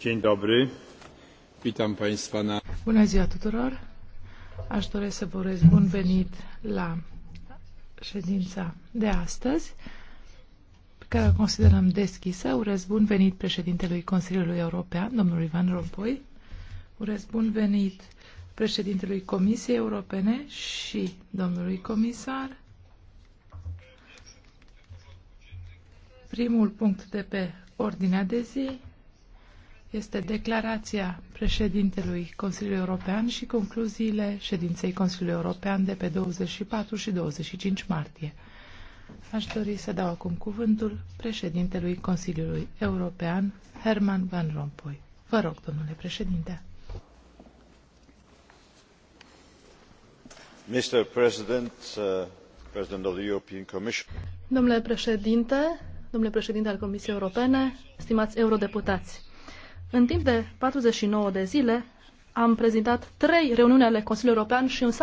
Dzień dobry. Witam Państwa na... Bună ziua tuturor. Aș dori să vă urez bun venit la ședința de astăzi, pe care o considerăm deschisă. Urez bun venit președintelui Consiliului European, domnul Ivan Rompuy. Urez bun venit președintelui Comisiei Europene și domnului comisar Primul punct de pe ordinea de zi este declarația președintelui Consiliului European și concluziile ședinței Consiliului European de pe 24 și 25 martie. Aș dori să dau acum cuvântul președintelui Consiliului European, Herman Van Rompuy. Vă rog, domnule președinte. Mr. President, uh, President of the European Commission. Domnule președinte, domnule președinte al Comisiei Europene, stimați eurodeputați. În timp de 49 de zile am prezentat trei reuniuni ale Consiliului European și un